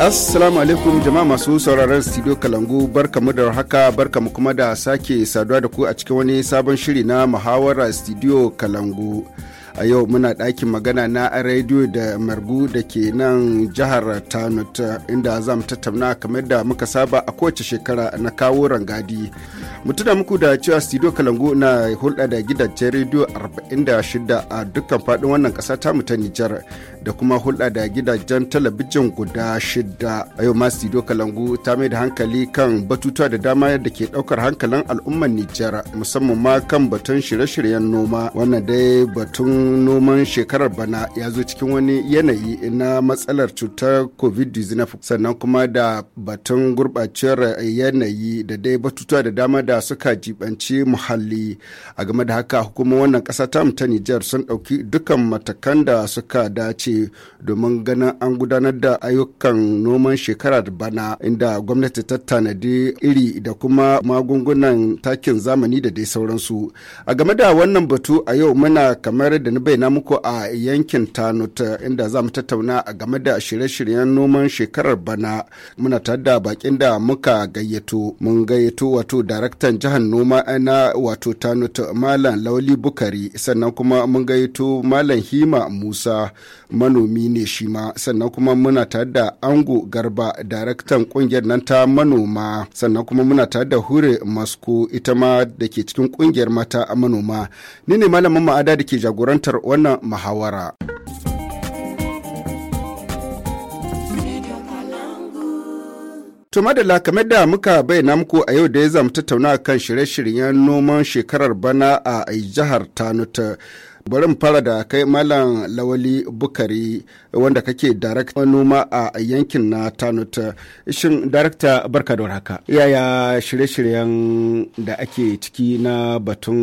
Assalamu alaikum jama'a masu sauraron studio Kalangu barkamu da haka barkamu kuma da sake saduwa da ku a cikin wani sabon shiri na muhawara studio Kalangu. a yau muna ɗakin magana na rediyo da margu da ke nan jihar tanut inda za mu tattauna kamar da muka saba a kowace shekara na kawo rangadi mu tuna muku da cewa studio kalangu na hulɗa da gidajen rediyo 46 a dukkan faɗin wannan ƙasa ta ta nijar da kuma hulɗa da gidajen talabijin guda shida. A yau masu Kalangu ta mai da hankali kan batutuwa da dama da ke ɗaukar hankalin al'ummar Nijar musamman ma kan batun shirye-shiryen noma. Wannan dai batun noman shekarar bana ya zo cikin wani yanayi na matsalar cutar COVID-19 sannan kuma da batun gurɓacewar yanayi da dai batutuwa da dama da suka jibanci muhalli. A game da haka hukumar wannan ƙasa ta mutane jihar sun ɗauki dukkan matakan da suka dace ce domin ganin an gudanar da ayyukan noman shekarar bana inda gwamnati ta tanadi iri da kuma magungunan takin zamani da dai sauransu a game da wannan batu a yau muna kamar da na bayyana muku a yankin tanut inda za mu tattauna a game da shirye-shiryen noman shekarar bana muna tare da bakin da muka gayyato mun gayyato wato daraktan jihar noma na wato tanut malam lauli bukari sannan kuma mun gayyato malam hima musa manomi ne shi ma sannan kuma muna tare da ango garba daraktan kungiyar nan ta manoma sannan kuma muna tare da hure masko ita ma da ke cikin kungiyar mata a manoma ni ne malamin ma'ada da ke jagorantar wannan muhawara. tuma da lakamai da muka bayyana muku a yau da ya zamu tattauna kan shirye-shiryen noman shekarar bana a jihar Tanuta. bari mu fara da kai malam lawali bukari wanda kake darakta noma a yankin na tanut shin darakta barka da haka yaya shirye-shiryen da ake ciki na batun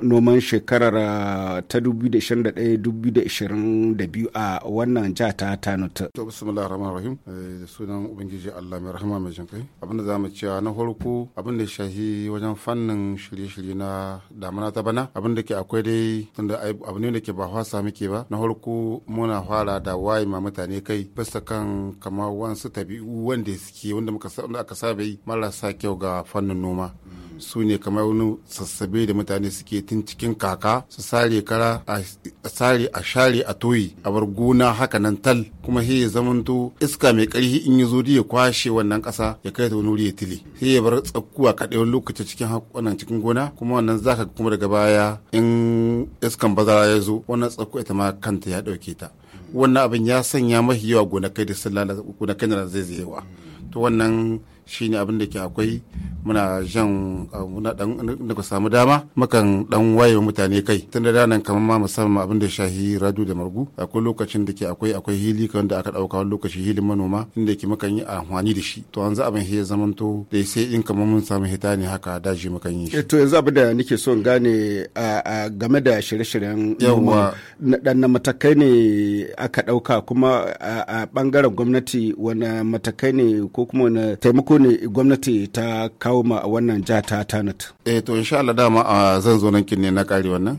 noman shekarar uh, ta 2021-2022 a wannan jiha ta tanut to bismillahir rahman rahim eh, da sunan ubangiji Allah mai rahama mai jinkai abinda mu cewa na farko abinda shahi wajen fannin shirye-shirye na damana ta bana abinda ke akwai dai tunda ai abu ne da ke ba fasa muke ba na farko muna fara da waye ma mutane kai bisa kan kamar wasu tabi'u wanda suke wanda aka saba yi marasa kyau ga fannin noma. su ne kamar wani sassabe da mutane suke tun cikin kaka su sare kara a sare a share a toyi a bar gona haka nan tal kuma sai ya zamanto iska mai karfi in ya zo ya kwashe wannan kasa ya kai ta wani wuri ya tile sai ya bar tsakkuwa kaɗai wani lokaci cikin wannan cikin gona kuma wannan zaka kuma daga baya in iskan bazara ya zo wannan tsakkuwa ita ma kanta ya ɗauke ta wannan abin ya sanya mahi yawa gonakai da sun gonakai da zai zai yawa wannan shi shine abin da ke akwai muna jan ah, muna dan da samu dama makan dan waye mutane kai tun da ranar kamar ma musamman abin da shahi radu da margu akwai lokacin da ke akwai akwai hili kan da aka dauka wani lokaci hilin manoma inda ke makan yi amfani da shi to yanzu abin ya zamanto da sai in kamar mun samu hita ne haka daji makan yi shi eh, to yanzu abin da nake son gane game da shirye-shiryen yawa na matakai ne aka dauka kuma a bangaren gwamnati wani matakai ne ko kuma na taimako ne gwamnati ta kawo ma wannan jata ta tanat eh to insha Allah dama ah, zan zo nan kin ne na kare wannan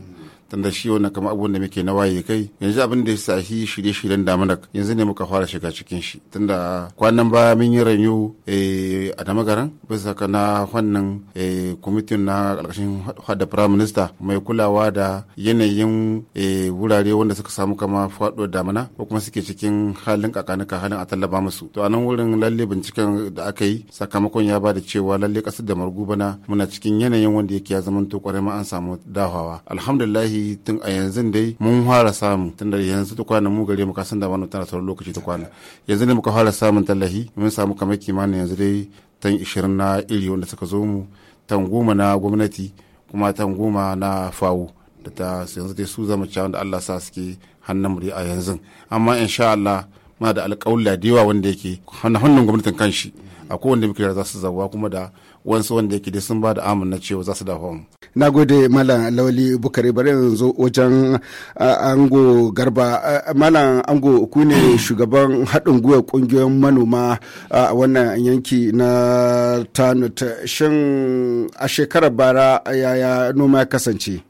tunda shi wannan kamar abubuwan da muke na waye kai yanzu abin da ya sahi shirye-shiryen damanak yanzu ne muka fara shiga cikin shi tunda kwanan baya mun yi ranyu eh, a damagaran bisa ka na wannan eh, kwamitin na ƙarƙashin hada prime minister mai kulawa da yanayin eh, wurare wanda suka samu kama faɗo damana ko kuma suke cikin halin kakanika halin a tallaba musu to a nan wurin lalle binciken da aka yi sakamakon ya ba da cewa lalle ƙasar da margu bana muna cikin yanayin wanda yake ya zama to ma an samu dahawa alhamdulillah tun a yanzu dai mun fara samu tun da yanzu ta kwana mu gare mu ka san da wani tana sauran lokaci ta kwana yanzu ne muka fara samun tallahi mun samu kamar kimanin yanzu dai tan ishirin na iri wanda suka zo mu tan goma na gwamnati kuma tan goma na fawo da ta yanzu dai su zama cewa da Allah sa suke hannun mu a yanzu amma insha Allah muna da alƙawla da yawa wanda yake hannun gwamnatin kanshi a kowanne muke za su zawa kuma da wansu wanda yake da sun ba da amana cewa za su dafa mu. na gode malam lauli bukari bari yanzu wajen ango garba malam ango ku ne shugaban haɗin gwiwa ƙungiyoyin manoma a wannan yanki na tanut shin a shekarar bara yaya noma ya kasance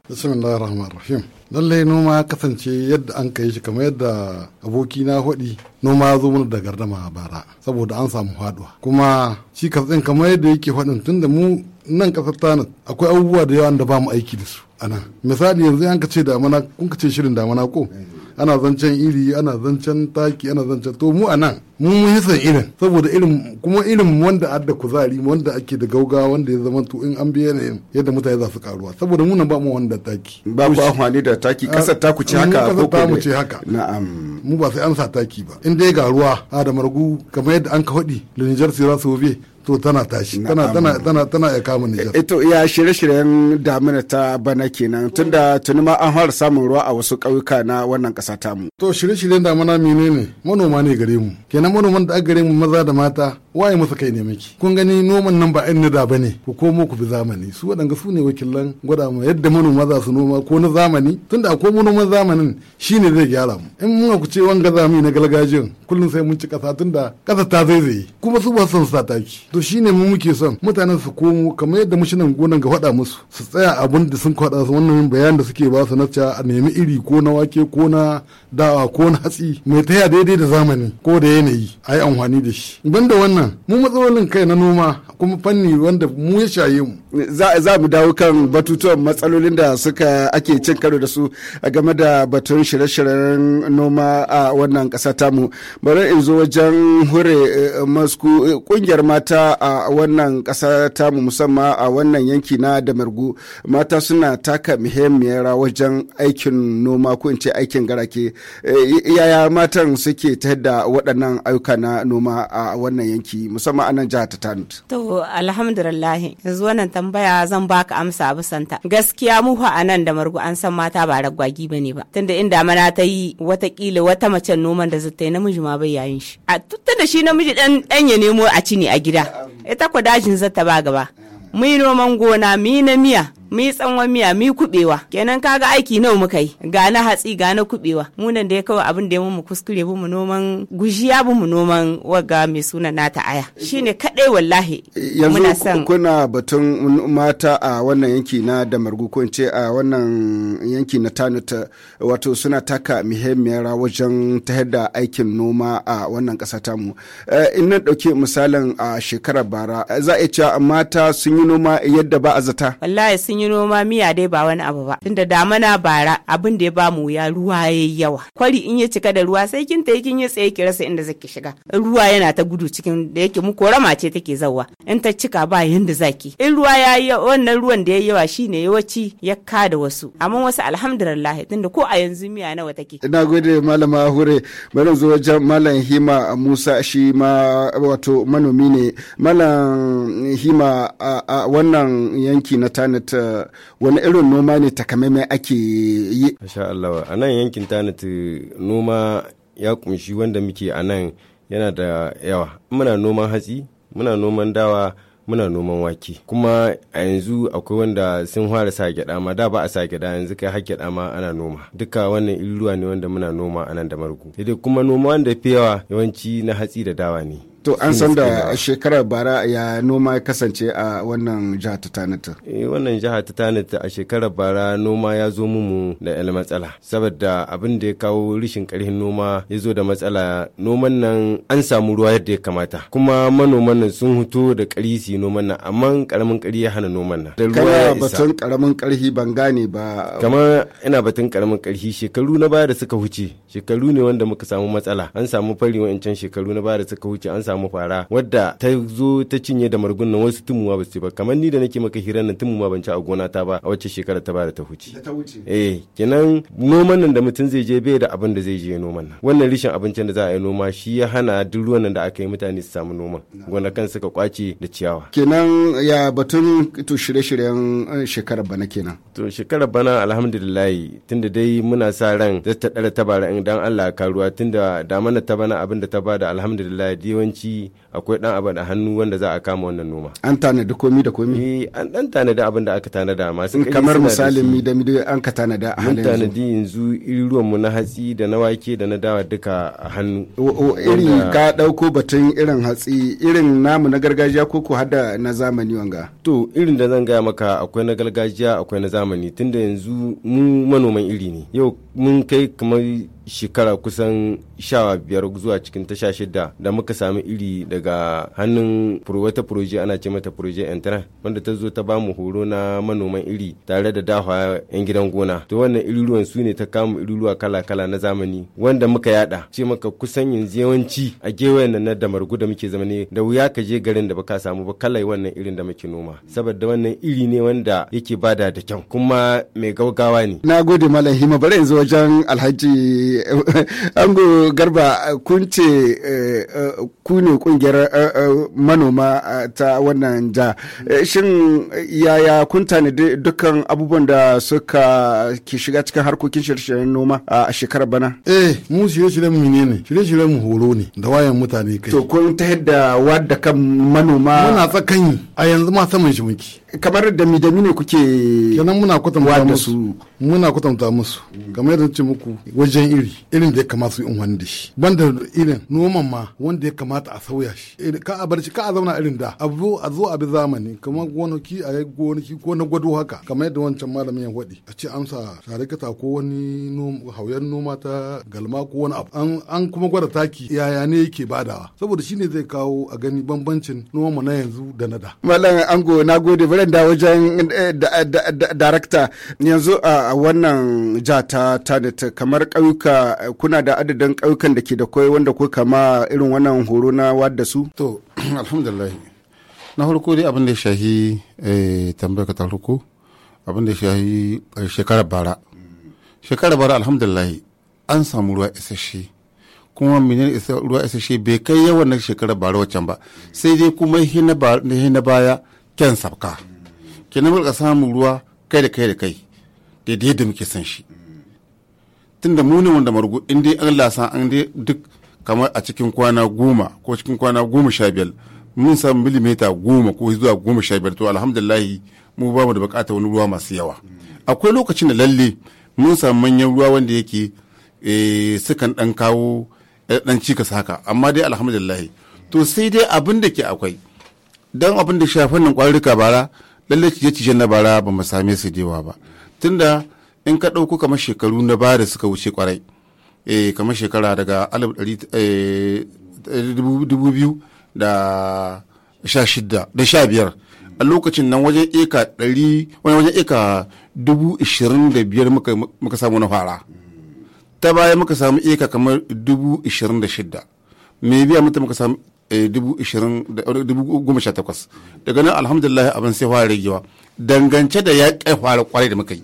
lallai noma ya kasance yadda an kai shi kamar yadda aboki na hudi noma ya zo mana da gardama a bara saboda an samu haduwa kuma shi ɗin kamar yadda yake faɗin tunda mu nan ƙasar tana akwai abubuwa da yawa da ba mu aiki da su ana misali yanzu an ka ce damana kun ka ce shirin damana ko ana zancen iri ana zancen taki ana zancen to mu anan mu mun san irin saboda irin kuma irin wanda adda kuzari wanda ake da gauga wanda ya zama to in an biya ne yadda mutane za su karuwa saboda mu nan ba mu wanda taki ba ku amfani da taki kasar ta ku ce haka ko ta mu ce haka na'am mu ba sai an sa taki ba in dai ga ruwa a kamar yadda an ka hodi da sirasobe to tana tashi tana tana tana tana ya kama Nijar. Ito ya shirye-shiryen damina ta bana kenan tunda tuni ma an fara samun ruwa a wasu ƙauyuka na wannan ƙasa mu. To shirye-shiryen damina ne? manoma ne gare mu kenan manoman da gare mu maza da mata waye musu kai ne miki kun gani noman nan ba ɗan da bane ku komo ku bi zamani su waɗanga su ne wakilan gwada mu yadda manoma za su noma ko na zamani tunda akwai manoman zamanin shine zai gyara mu in muna ku ce wanga zamani na galgajin kullum sai mun ci ƙasa tunda ƙasa ta zaizaye kuma su ba su sa taki to shine mu muke son mutanen su komo kamar yadda mashinan gonan ga faɗa musu su tsaya abin da sun faɗa su wannan bayan da suke ba su na cewa a nemi iri ko na wake ko na dawa ko na hatsi mai taya daidai da zamani ko da yanayi a yi amfani da shi banda wannan mu matsalolin kai na noma kuma fanni wanda mu ya shaye mu za mu dawo kan batutuwan matsalolin da suka ake cin karo da su game da batun shirye-shiryen noma a wannan ƙasa tamu bari in zo wajen hure eh, masku kungiyar eh, mata a wannan ƙasa tamu musamman a wannan yanki na damargu mata suna taka muhimmiyar wajen aikin noma ko in ce aikin garake eh, yaya matan suke ta da waɗannan ayyuka na noma a wannan yanki musamman a nan jihar ta tanut tambaya zan baka amsa a bisanta gaskiya mu a nan da margu an san mata ba ragwagi ba ne ba tunda inda mana ta yi watakila wata macen noman da zata yi namiji ma bai yayin shi a tunda shi namiji dan dan ya nemo a ne a gida ita ko dajin zata ba gaba mu yi noman gona mu na miya mi tsanwan miya mi kubewa kenan kaga aiki nawa muka yi ga na hatsi ga na kubewa mu da ya kawai abin da ya mu kuskure mu noman gujiya mu noman waga mai suna nata aya shine kadai wallahi muna son kuna batun mata a wannan yanki na damargu ko ce a wannan yanki na tanuta wato suna taka muhimmiyar wajen ta da aikin noma a wannan kasa tamu eh, in na dauke misalin a shekarar bara za a iya mata sun yi noma yadda ba a zata wallahi sun yi noma miya dai ba wani abu ba tunda damana bara abin da ya bamu ya ruwa ya yi yawa kwari in ya cika da ruwa sai kin yi kin yi tsaye ki rasa inda zaki shiga ruwa yana ta gudu cikin da yake mu korama ce take zawa in ta cika ba yanda zaki in ruwa ya yi wannan ruwan da yi yawa shine yawaci ya ka da wasu amma wasu alhamdulillah tunda ko a yanzu miya nawa take ina gode malama hure bari zo wajen malam hima musa shi ma wato manomi ne malam hima a wannan yanki na tanata. wani irin noma ne takamaimai ake yi masha Allah a nan yankin tanati noma ya kunshi wanda muke a nan yana da yawa muna noman hatsi muna noman dawa muna noman wake kuma a yanzu akwai wanda sun fara sa gyada ma da ba a sa gyada yanzu kai har gyada ma ana noma duka wannan illuwa ne wanda muna noma anan da margu sai dai kuma noma wanda fi yawa yawanci na hatsi da dawa ne to an san da shekarar bara ya noma ya kasance a wannan jiha ta tanita eh, wannan jiha ta tanita a shekarar bara noma ya zo mu da yan matsala saboda abin da ya kawo rishin karhin noma ya zo da matsala noman nan an samu ruwa yadda ya kamata kuma manoman nan sun hito da kari su noman nan amma karamin kari ya hana noman nan da ya isa batun karamin karhi ban gane ba kamar ina batun karamin karhi shekaru na baya da suka huce shekaru ne wanda muka samu matsala an samu fari wa'ancan shekaru na baya da suka huce an samu fara wadda ta zo ta cinye da margun nan wasu tumuwa ba su ba kamar ni da nake maka hirar nan tumuwa ban ci a gona ta ba a wacce shekara ta bada ta huce eh kenan noman nan da mutum zai je bai da abin da zai je noman nan wannan rishin abincin da za a yi noma shi ya hana duk ruwan nan da aka yi mutane su samu noman kan suka kwace da ciyawa kenan ya batun to shirye-shiryen eh, shekarar bana kenan to shekarar bana alhamdulillah tunda dai muna sa ran za ta dara tabara bara in dan Allah ka ruwa tunda da mana ta bana abin da ta bada alhamdulillah yawanci yawanci akwai dan abin a hannu wanda za a kama wannan noma an tanada komi da komi eh, an dan tanada abin da aka tanada masu kamar misalin mi da mido an ka tanada a halin tanadi yanzu irin mu na hatsi da na wake da na dawa duka a hannu irin ka dauko batun irin hatsi irin namu na gargajiya ko ko hada na zamani wanga to irin da zan gaya maka akwai na gargajiya akwai na zamani tunda yanzu mu manoman iri ne yau mun kai kamar shekara kusan sha biyar zuwa cikin tasha shida da muka sami iri daga hannun wata proje ana ce mata proje entra wanda ta zo ta ba mu horo na manoman iri tare da dahwa yan gidan gona to wannan iriruwan su ne ta kama iriruwa kala kala na zamani wanda muka yada ce maka kusan yanzu yawanci a gewayen nan na margu da muke zama ne da wuya ka je garin da baka samu ba kalai wannan irin da muke noma saboda wannan iri ne wanda yake bada da kyau kuma mai gaugawa ne na gode malam hima bari yanzu wajen alhaji ango garba kun ce eh, eh, ku ne kungiyar eh, manoma ta wannan ja shin yaya kun tani dukkan abubuwan da suka ke shiga cikin harkokin shirye-shiryen noma a shekarar bana eh mu shirye-shiryen mu ne shirye-shiryen mu horo ne da wayan mutane kai to kun ta yadda wadda kan manoma muna tsakan a yanzu ma saman shi muke kamar da mi da ne kuke kenan muna kwatanta musu muna kwatanta musu kamar yadda ce muku wajen iri irin da ya kamata su yi wani da shi banda irin noman ma wanda ya kamata a sauya shi ka a bar shi ka a zauna irin da zo a zo a bi zamani kamar gonaki a yi gonaki ko na gwado haka kamar yadda wancan malamin ya waɗi a ce amsa sharikata ko wani hauyar noma ta galma ko wani abu an kuma gwada taki yaya ne yake badawa saboda shine zai kawo a gani bambancin noma na yanzu da na da malam ango na gode barin eh, da wajen darakta yanzu a wannan ja ta tanit kamar ƙauyuka kuna da adadin ƙauyukan da ke da kwai wanda ku kama irin wannan horo na wadda su? To, alhamdulillah. Na farko dai abin da shahi eh, tambayar ka ta farko abin da shahi eh, shekarar bara. Shekarar bara alhamdulillah an samu ruwa isasshe. kuma menene ruwa isasshe bai kai yawan na shekarar bara wacan ba sai dai kuma hina baya kyan sabka na mulka samun ruwa kai da kai da kai daidai yadda muke san shi tunda da munin wanda margu in dai Allah an dai duk kamar a cikin kwana goma ko cikin kwana goma sha biyar mun samu milimita goma ko zuwa goma sha biyar to alhamdulillahi mu ba mu da bukatar wani ruwa masu yawa akwai lokacin da lalle mun samu manyan ruwa wanda yake eh, sukan dan kawo dan eh, cikas haka amma dai alhamdulillahi to sai dai abin da ke akwai don abin da shafin nan kwarurruka bara lallai cije-cijen na bara ba mu same su dewa ba tunda in ka ɗauko kamar shekaru na da suka wuce kwarai eh kamar shekara daga alif ɗari eh, dubu biyu da sha shida da sha biyar a lokacin nan wajen eka ɗari wani wajen eka dubu ishirin da biyar muka samu na fara ta baya muka samu eka kamar dubu ishirin da shidda me biya mutum muka samu 2018 eh, eh, daga nan alhamdulillah abin sai fara ragewa dangance da ya kai fara kwarai da muka yi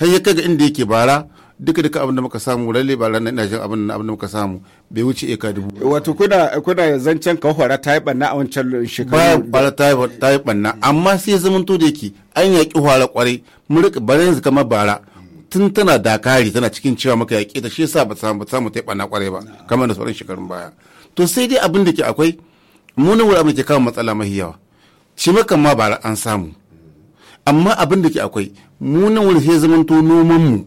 har ya kai ga inda yake bara duka duka abin da muka samu lalle ba ranar ina jin abin da muka samu bai wuce eka dubu wato kuna kuna zancen kawara ta yi banna a wancan shekaru ba ba ta yi banna amma sai zaman to da yake an yaƙi fara kwarai mun rika bara yanzu kamar bara tun tana dakari tana cikin cewa maka yaƙi ta shi yasa ba samu ta yi banna kwarai ba kamar da sauran shekarun baya to sai dai abin da ke akwai munin wuri abin da ke kawo matsala mafi yawa shi makan ma ba an samu amma abin da ke akwai munin wuri sai zamanto nomanmu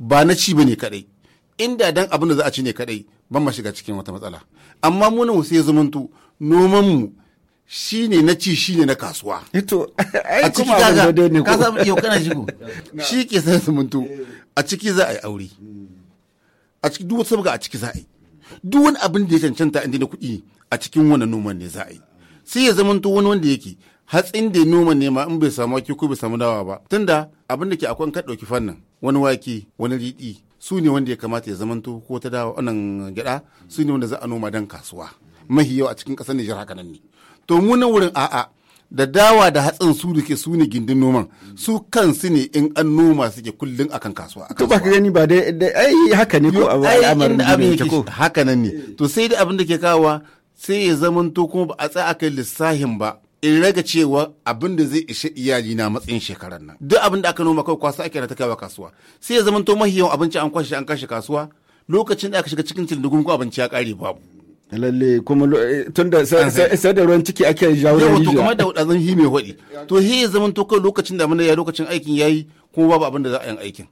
ba na ci bane kadai inda dan abin da za a ci ne kadai ban ma shiga cikin wata matsala amma munin wuri sai zamanto nomanmu shi ne na ci shi ne na kasuwa. Ito, eh a ciki abin Ka samu iyo kana shigo. Shi ke sai zumuntu a ciki za a yi aure. A ciki duk wata sabga a ciki za a yi. duk wani abin da ya cancanta inda kuɗi a cikin wani noman ne za a yi sai ya zamanto wani wanda yake hatsin da noma ne ma in bai samu wake ko bai samu dawa ba tunda abin da ke akwai ka ɗauki fannin wani wake wani riɗi su ne wanda ya kamata ya zamanto ko ta dawa wannan gyaɗa su ne wanda za a noma don kasuwa mahi yawa a cikin ƙasar Nijar haka nan ne to mu nan wurin a'a da dawa da hatsin su da ke su ne gindin noman su kansu ne in an noma suke kullum akan kasuwa to ba ka gani ba dai ai haka ne ko al'amarin abin yake ko haka nan ne to sai da abin da ke kawowa sai ya to kuma ba a tsaya akai lissahin ba in raga cewa abin da zai ishe iyali na matsayin shekarar nan duk abin da aka noma kawai kwasa ake ta kaiwa kasuwa sai ya to mahiyan abinci an kwashe an kashe kasuwa lokacin da aka shiga cikin tildugun ko abinci ya kare babu lalle kuma eh, tun da sai da ruwan ciki ake jawo da rijiya kuma da wadazan hi mai hodi to he ya zaman to kai lokacin da mun ya lokacin aikin yayi kuma babu abin da za a yi aikin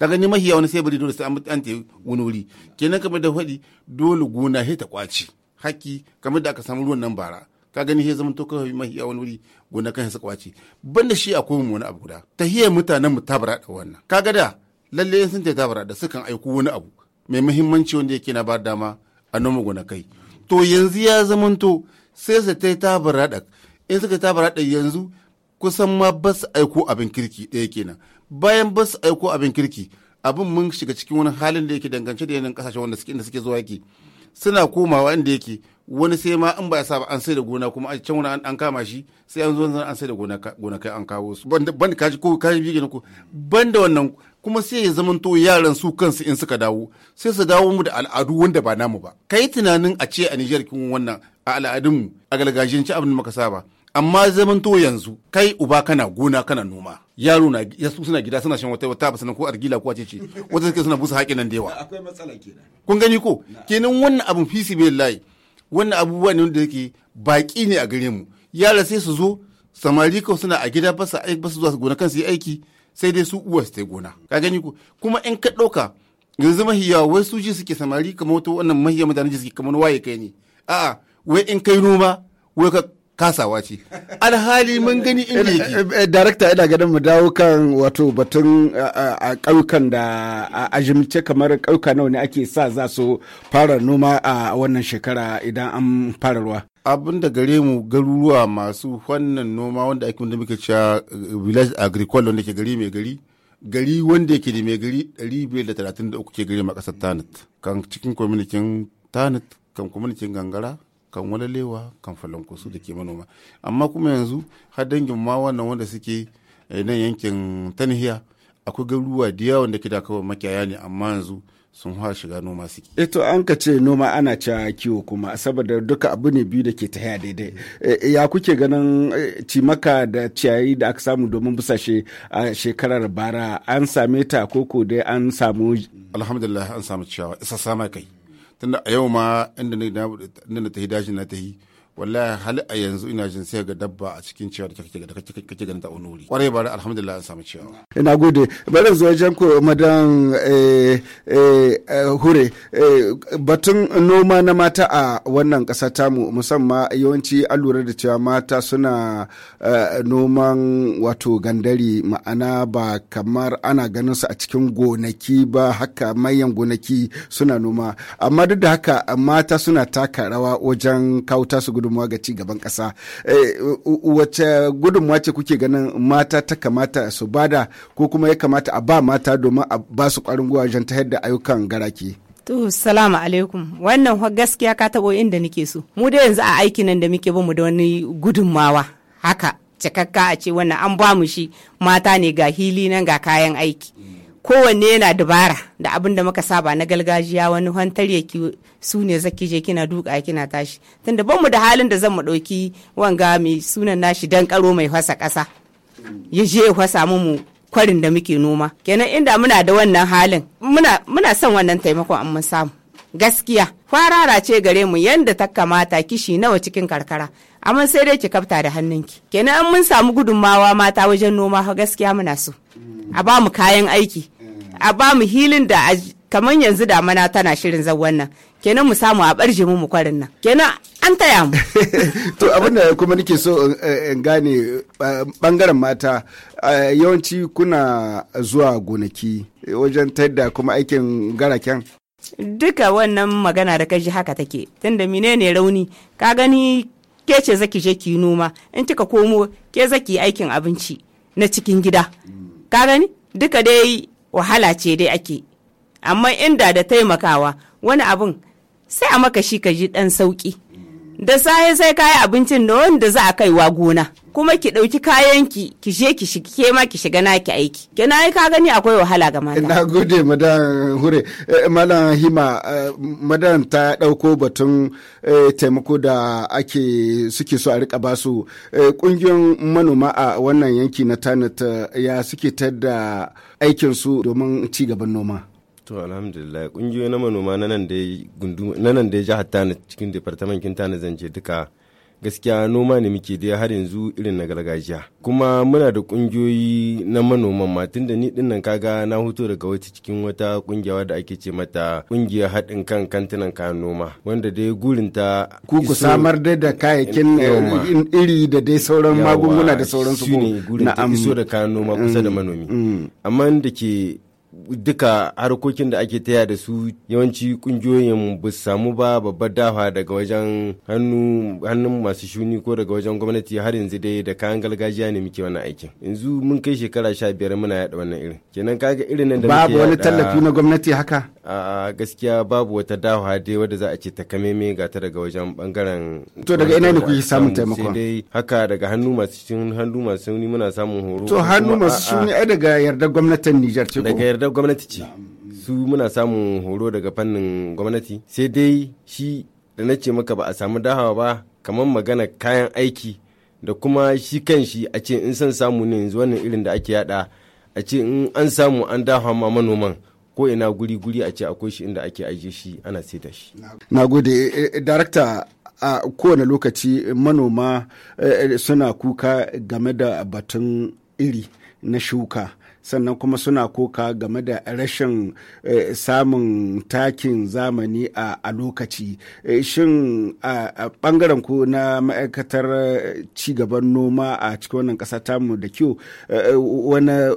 daga ni mahiya wani sai bari dole sai an ta wani wuri kenan kamar da hodi dole gona he ta kwaci haki kamar da aka samu ruwan nan bara ka gani he zaman to kai mahiya wani wuri gona kan sa kwaci banda shi akwai mu wani abu guda ta hiya mutanen mu tabara da wannan kaga da lalle sun ta tabara da sukan aiko wani abu mai muhimmanci wanda yake na ba dama a noma gonakai to yanzu ya zamanto sai su ta tabar raɗa in suka tabar raɗa yanzu kusan ma ba su aiko abin kirki ɗaya kenan bayan ba su aiko abin kirki abin mun shiga cikin wani halin da yake dangance da yanayin kasashen wanda suke inda suke zuwa yake suna komawa inda yake wani sai ma in ba ya saba an sai da gona kuma a can wani an kama shi sai an zo an sai da gona kai an kawo su ban da kaji ko kaji bige ko ban da wannan kuma sai ya to yaran su kansu in suka dawo sai su dawo mu da al'adu wanda ba namu ba kai tunanin a ce a Nijar kin wannan a al'adunmu a ci abin maka saba amma to yanzu kai uba kana gona kana noma yaro na ya suna gida suna shan wata wata ba sanan ko argila ko ce wata suke suna busa haƙin nan da yawa akwai matsala kenan kun gani ko kenan wannan abun fi sibillahi wannan abubuwa ne wanda yake baki ne a gare mu yara sai su zo samari ko suna a gida ba su ba su gona kansu yi aiki sai dai su uwa su ta gona ka gani ku kuma in ka ɗauka yanzu mahiya wai su ji suke samari kamar wata wannan mahiya mutane ji suke kamar waye kai ne a'a wai in kai noma wai ka kasawa ce alhali mun gani inda eh, yake eh, eh, darakta ina ganin mu dawo kan wato batun a ƙauyukan da a jimce kamar ƙauyuka nawa ne ake sa za su fara noma a wannan shekara idan an fara ruwa abin da gare mu garuruwa masu wannan noma wanda ake wanda muke cewa eh, village agricole wanda ke gari mai gari gari wanda yake da mai gari 533 ke gari ma kasar tanit kan cikin kwaminikin tanit kan kwaminikin gangara kan walalewa kan falankosu da ke manoma amma kuma yanzu har dangin ma wannan wanda suke eh, nan yankin tanhiya akwai garuruwa da yawa wanda ke da kawai makiyaya ne amma yanzu sun fara shiga noma suke. Eto eh an ka ce noma ana cewa kiwo kuma saboda duka abu ne biyu da ke ta daidai. Eh, ya kuke ganin eh, cimaka da ciyayi da aka samu domin busashe a shekarar bara an same ta koko dai an samu. Alhamdulillah an samu ciyawa isa sama kai. Tunda a yau ma inda na yi dajin na yi. wallahi hali a yanzu ina jin sai ga dabba a cikin ciyawa da kake da kake ganin ta onuri kwarai ba alhamdulillah an samu ciyawa ina eh, gode bari zuwa wajen ko madan eh, eh, hure batun noma na mata a wannan kasa tamu musamman yawanci an lura da cewa mata suna noman wato gandari ma'ana ba kamar ana ganin su a cikin gonaki ba haka manyan gonaki suna noma amma duk da haka mata suna taka rawa wajen kawo tasu gudu gudunmuwa ga ci gaban ƙasa eh, wacce gudunmawa ce kuke ganin mata ta kamata su bada ko kuma ya kamata a ba mata domin a ba su ƙwarin gwiwa wajen ta yadda ayyukan garaki. To, salamu alaikum. Wannan gaskiya ka taɓo inda nake so. Mu da yanzu a aikin nan da muke bamu da wani gudunmawa haka. cikakka a ce wannan an ba mu shi mata ne ga hili nan ga kayan aiki. kowanne yana dabara da abin da muka saba na gargajiya wani ya ki su ne zaki je kina duka kina tashi tunda ban mu da halin da zan mu ɗauki wanga mai sunan nashi dan karo mai fasa ƙasa ya je ya fasa mu kwarin da muke noma kenan inda muna da wannan halin muna muna son wannan taimakon an mun samu gaskiya farara ce gare mu yanda ta kamata kishi nawa cikin karkara amma sai dai ki kafta da hannunki kenan an mun samu gudunmawa mata wajen noma gaskiya muna so a ba mu kayan aiki a ba mu hilin da kamar yanzu damana tana shirin zan nan kenan mu samu a barje mu kwarin nan kenan an taya mu to abin da kuma nake so in eh, gane bangaren eh, mata eh, yawanci kuna zuwa gonaki wajen tadda kuma aikin garaken duka wannan magana da kaji haka take tunda menene rauni ka gani ke ce zaki je ki noma in kika komo ke zaki aikin abinci na cikin gida ka gani duka dai wahala ce dai ake amma inda da taimakawa wani abun sai a maka shi ka ji dan sauki da sahi sai kayi abincin da wanda za a kaiwa gona kuma ki ɗauki kayan ki ki je ki shi ke ma ki shiga naki aiki kina yi ka gani akwai wahala ga malam na gode madan hure eh, malam hima eh, madan ta ɗauko batun eh, taimako da ake suke so a rika basu kungiyoyin manoma a wannan yanki na tanata ya suke da aikinsu domin ci gaban noma. to alhamdulillah kungiyoyi na manoma na nan dai jihar tana cikin departamentin tana zance duka gaskiya noma ne muke dai har yanzu irin na gargajiya kuma muna da kungiyoyi na manoman ma tunda ni din nan kaga na huto daga wata cikin wata kungiya da ake ce mata kungiyar haɗin kan kantinan kayan noma wanda dai gurin ta ku ku samar da da kayayyakin eh, iri da dai sauran magunguna da sauran su ne gurin ta iso da kayan noma kusa da mm, manomi mm. amma da ke duka harkokin da ake taya da su yawanci kungiyoyin ba su samu ba babbar dafa daga wajen hannun masu shuni ko daga wajen gwamnati har yanzu dai da kayan gargajiya ne muke wannan aikin yanzu mun kai shekara sha biyar muna yada wannan irin kenan kaga irin nan da babu wani tallafi na gwamnati haka a gaskiya babu wata dawa dai wadda za a ce takameme ga ta daga wajen bangaren to daga ina ne kuke samun taimako sai dai haka daga hannu masu cin hannu masu ni muna samun horo to hannu masu suni ai daga yardar gwamnatin Nijar ce ko daga yardar gwamnati ce su muna samun horo daga fannin gwamnati sai dai shi da na ce maka ba a samu dawa ba kamar magana kayan aiki da kuma shi kan shi a ce in san samu ne yanzu wannan irin da ake yada a ce in an samu an dawa ma manoman ko ina guri-guri a ce akwai shi inda ake ajiye shi ana saida shi. Na gode, eh, eh, darakta a kowane lokaci manoma eh, suna kuka game da batun iri na shuka. sannan kuma suna koka game da rashin samun takin zamani a lokaci shin a bangaren ko na ma'aikatar cigaban noma a cikin wannan kasa tamu da kyau wani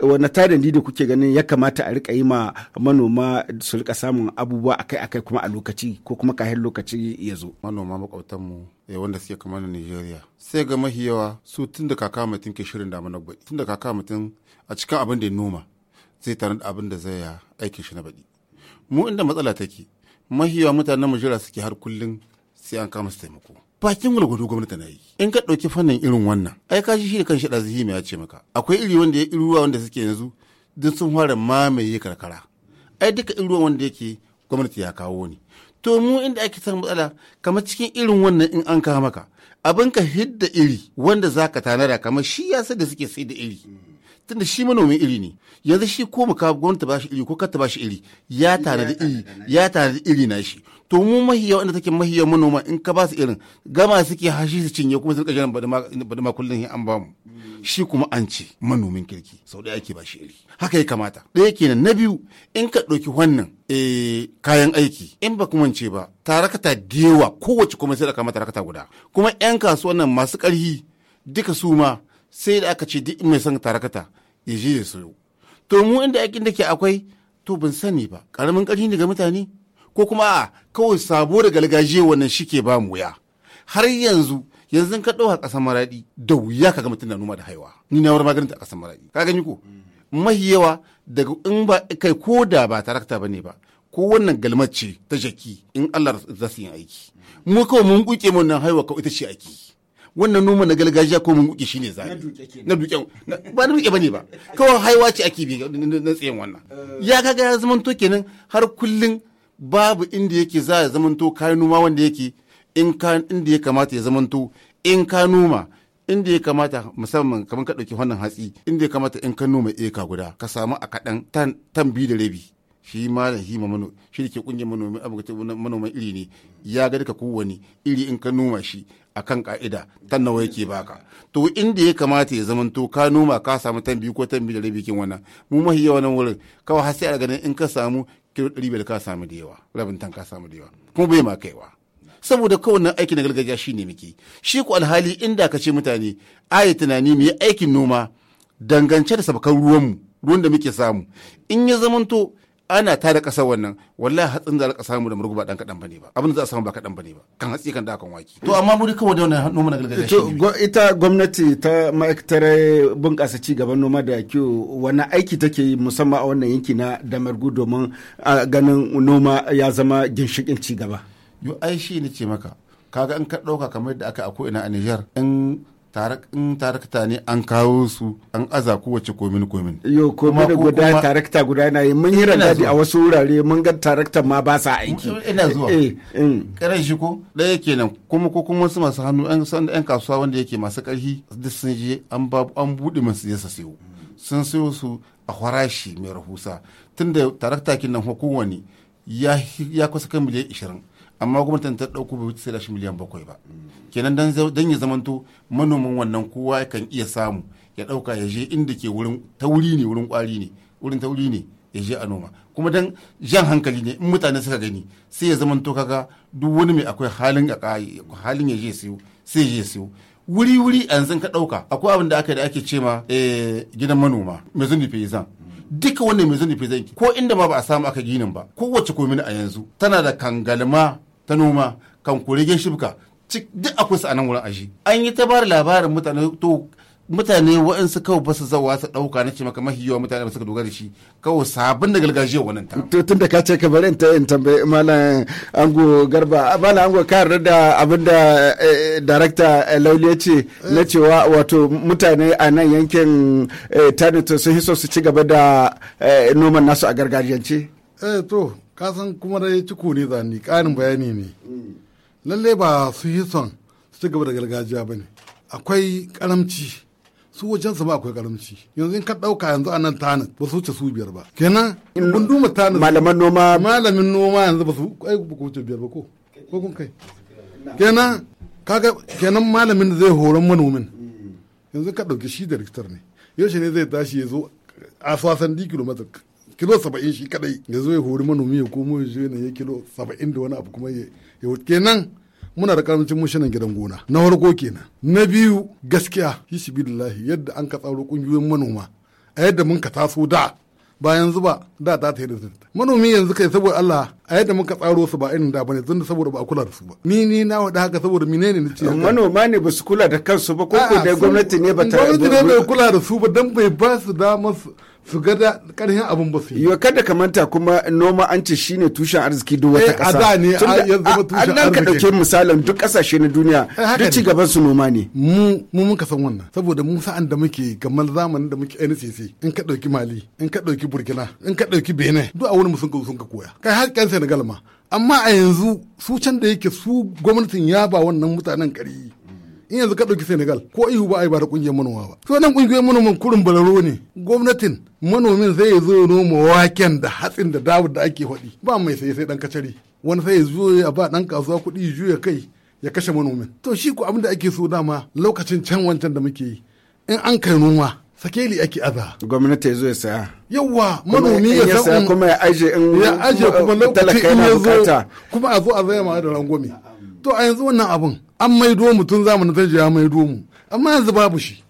wani tarin da kuke ganin ya kamata a rika yi ma manoma su rika samun abubuwa akai-akai kuma a lokaci ko kuma kahin lokaci ya zo manoma makwabtanmu eh, wanda suke kamar na Nigeria. Sai ga mahi yawa su tun da kaka mutum ke shirin damuna baɗi. Tun da kaka mutum a cikin abin da ya noma zai tarin abin da zai ya aikin shi na baɗi. Mu inda matsala take mahi yawa mutanen mu jira suke har kullum sai an kama su taimako. bakin gwalgwado gwamnati na yi in ka ɗauki fannin irin wannan ai ka shi da kan shi ɗazihi ya ce maka akwai iri wanda ya ruwa wanda suke yanzu duk sun fara mamaye karkara ai duka ruwan wanda yake gwamnati ya kawo ne to mu inda ake san matsala kamar cikin irin wannan in an kawo maka abin ka hidda iri wanda za ka tanada kamar shi ya da suke sai da iri tunda shi manomin iri ne yanzu shi ko mu ka gwamnati ba shi iri ko ka ta ba shi iri ya tanada iri ya tanadi iri na shi to mu mahiya wanda take mahiya manoma in ka ba su irin gama suke hashi su cinye kuma su rika jiran badama kullum an ba mu shi kuma an ce manomin kirki sau ɗaya ake ba shi iri haka ya kamata ɗaya kenan na biyu in ka ɗauki wannan eh, kayan aiki in ba kuma ce ba tarakata da yawa kowace kuma sai da kama tarakata guda kuma 'yan kasuwan nan masu ƙarfi duka su ma sai da aka ce duk mai son tarakata ya je ya sayo to mu inda aikin da ke akwai to ban sani ba ƙaramin ƙarfi ne ga mutane ko kuma a kawai sabo da galgajiya wannan shike ba mu wuya har yanzu yanzu ka ɗauka ƙasar maraɗi da wuya kaga mutum na numa da haiwa ni na wurin maganin a ƙasar maraɗi ka gani ko mahi yawa daga in ba kai ko da ba tarakta bane ba ko wannan galmar ce ta jaki in Allah za su yi aiki mu kawai mun kuke mun nan haiwa kawai ita ce aiki wannan noma na gargajiya ko mun kuke shine zabi na duke ba na duke bane ba kawai haiwa ce ake bi na tsayin wannan eh. ya kaga ya zaman to kenan har kullun babu inda yake za ya zamanto ka noma wanda yake inda ya kamata ya zamanto in ka noma inda ya kamata musamman kamar ka dauki wannan hatsi inda ya kamata in ka noma eka guda ka samu a kaɗan tan biyu da rabi shi ma da hima mano shi da ke kungiyar manomi manoman iri ne ya ga duka kowane iri in ka noma shi a kan ka'ida tan nawa yake baka to inda ya kamata ya zama to ka noma ka samu tan biyu ko tan biyu da rabi kin wannan mu mahi yawan wurin kawai har sai a ganin in ka samu kilo ɗari biyar ka samu da yawa rabin tan ka samu da yawa kuma bai ma kaiwa saboda kowanne aiki na gargajiya shi ne muke shi ku alhali inda ka ce mutane ayi tunani mu yi aikin noma dangance da sabakan ruwanmu ruwan da muke samu in ya zamanto ana ta da kasar wannan wallahi hatsin da aka samu da murguba ba dan kadan bane ba abin da za a samu ba kadan bane ba kan hatsi kan da kan waki to amma mu kawai da wannan noma na gargajiya to ita gwamnati ta ma'aikatar bunƙasa ci gaban noma da kiwo wani aiki take yi musamman a wannan yanki na damargu domin ganin noma ya zama ginshikin ci gaba yo ai shi ne ce maka kaga in ka dauka kamar da aka a ko ina a Niger in in tarakta ne an kawo su an aza kowace komin komin. Yo komin guda tarakta guda na yi mun yi rangadi a wasu wurare mun ga tarakta ma ba sa aiki. Ina zuwa. Eh, eh. Karan shi ko ɗaya kenan kuma ko kuma wasu masu hannu yan kasuwa wanda yake masu ƙarfi duk sun je an buɗe masu je sa sayo. Sun sayo su a farashi mai rahusa tunda tarakta kinan ne ya kusa kan miliyan ishirin. amma gwamnatin ta ɗauko bai wuce sai miliyan bakwai ba kenan dan ya zamanto manoman wannan kowa kan iya samu ya ɗauka ya je inda ke wurin tauri ne wurin kwari ne wurin tauri ne ya je a noma kuma dan jan hankali ne in mutane suka gani sai ya zamanto kaga duk wani mai akwai halin halin ya je siyo sai ya je siyo wuri wuri a yanzu ka ɗauka akwai abin da aka da ake ce ma eh, gidan manoma maison du paysan duka wannan maison du paysan ko inda ma ba a samu aka ginin ba kowace komini a yanzu tana da kangalma ta noma kan kurege shibka duk akwai su a nan wurin aji an yi ta ba da labarin mutane to mutane waɗansu kawai ba su zawa su ɗauka na ce maka mahi yawa mutane ba suka dogara shi kawai sabon da gargajiya wani. ta. To tun da ka ce ka bari ta yin tambayi malam ango garba malam ango ka yarda da abin da eh, eh, darakta eh, lauli ce na cewa wato mutane a nan yankin tanito sun hiso su ci gaba da noman nasu a gargajiyance. Eh to kasan kuma dai ci kone zani ƙarin bayani ne lalle ba su yi son su ci gaba da gargajiya ba ne akwai karamci su wajen su ba akwai karamci yanzu in ka ɗauka yanzu a nan tanin ba su wuce su biyar ba kenan in duma tanin malaman noma malamin noma yanzu ba su ai ba wuce biyar ba ko ko kun kai kenan kaga kenan malamin da zai horon manomin yanzu ka ɗauki shi da rikitar ne yaushe ne zai tashi ya zo a fasan di kilomita kilo saba'in shi kadai ya zo ya hori manomi ya komo ya zo ya kilo saba'in da wani abu kuma ya kenan muna da karancin mushinan gidan gona na farko kenan na biyu gaskiya hisbillahi yadda an ka tsaro kungiyoyin manoma a yadda mun ka taso da ba yanzu ba da ta ta yi manomi yanzu kai saboda Allah a yadda muka tsaro su ba irin da bane tunda saboda ba a kula da su ba ni ni na wada haka saboda mine ne ce manoma ne ba su kula da kansu ba ko ko da gwamnati ne ba ta gwamnati ne bai kula da su ba dan bai ba su damar su ga karhin abin ba su yi. Yau kada ka manta kuma noma an ce shine tushen arziki duk wata eh, ƙasa. a da ne ya zama tushen arziki. An ka ɗauke misalin duk ƙasashe na duniya eh, duk ci gaban su noma ne. Mu mu mun san wannan saboda mu sa'an da muke gamar zamanin da muke NCC in ka ɗauki Mali in ka ɗauki Burkina in ka ɗauki Benin duk a wani mu sun ka koya. Kai har kan Senegal ma. amma a yanzu su can da yake su gwamnatin ya ba wannan mutanen ƙari in yanzu ka ɗauki senegal ko ihu ba a yi ba da ƙungiyar manoma ba so nan ƙungiyar manoman kurin balaro ne gwamnatin manomin zai zo noma waken da hatsin da dawud da ake faɗi ba mai sai sai ɗan kacari wani sai ya zo ya ba ɗan kasuwa kuɗi juya kai ya kashe manomin to shi ko abin da ake so dama lokacin can wancan da muke yi in an kai noma sakeli ake aza. Gwamnati ya zo ya saya. Yawwa manomi ya san kuma ya aje in ya aje kuma lokacin in ya zo kuma a zo a zaya ma da rangwame. to a yanzu wannan abun an maido mu tun zamanin tarjiya ya maido mu amma yanzu babu shi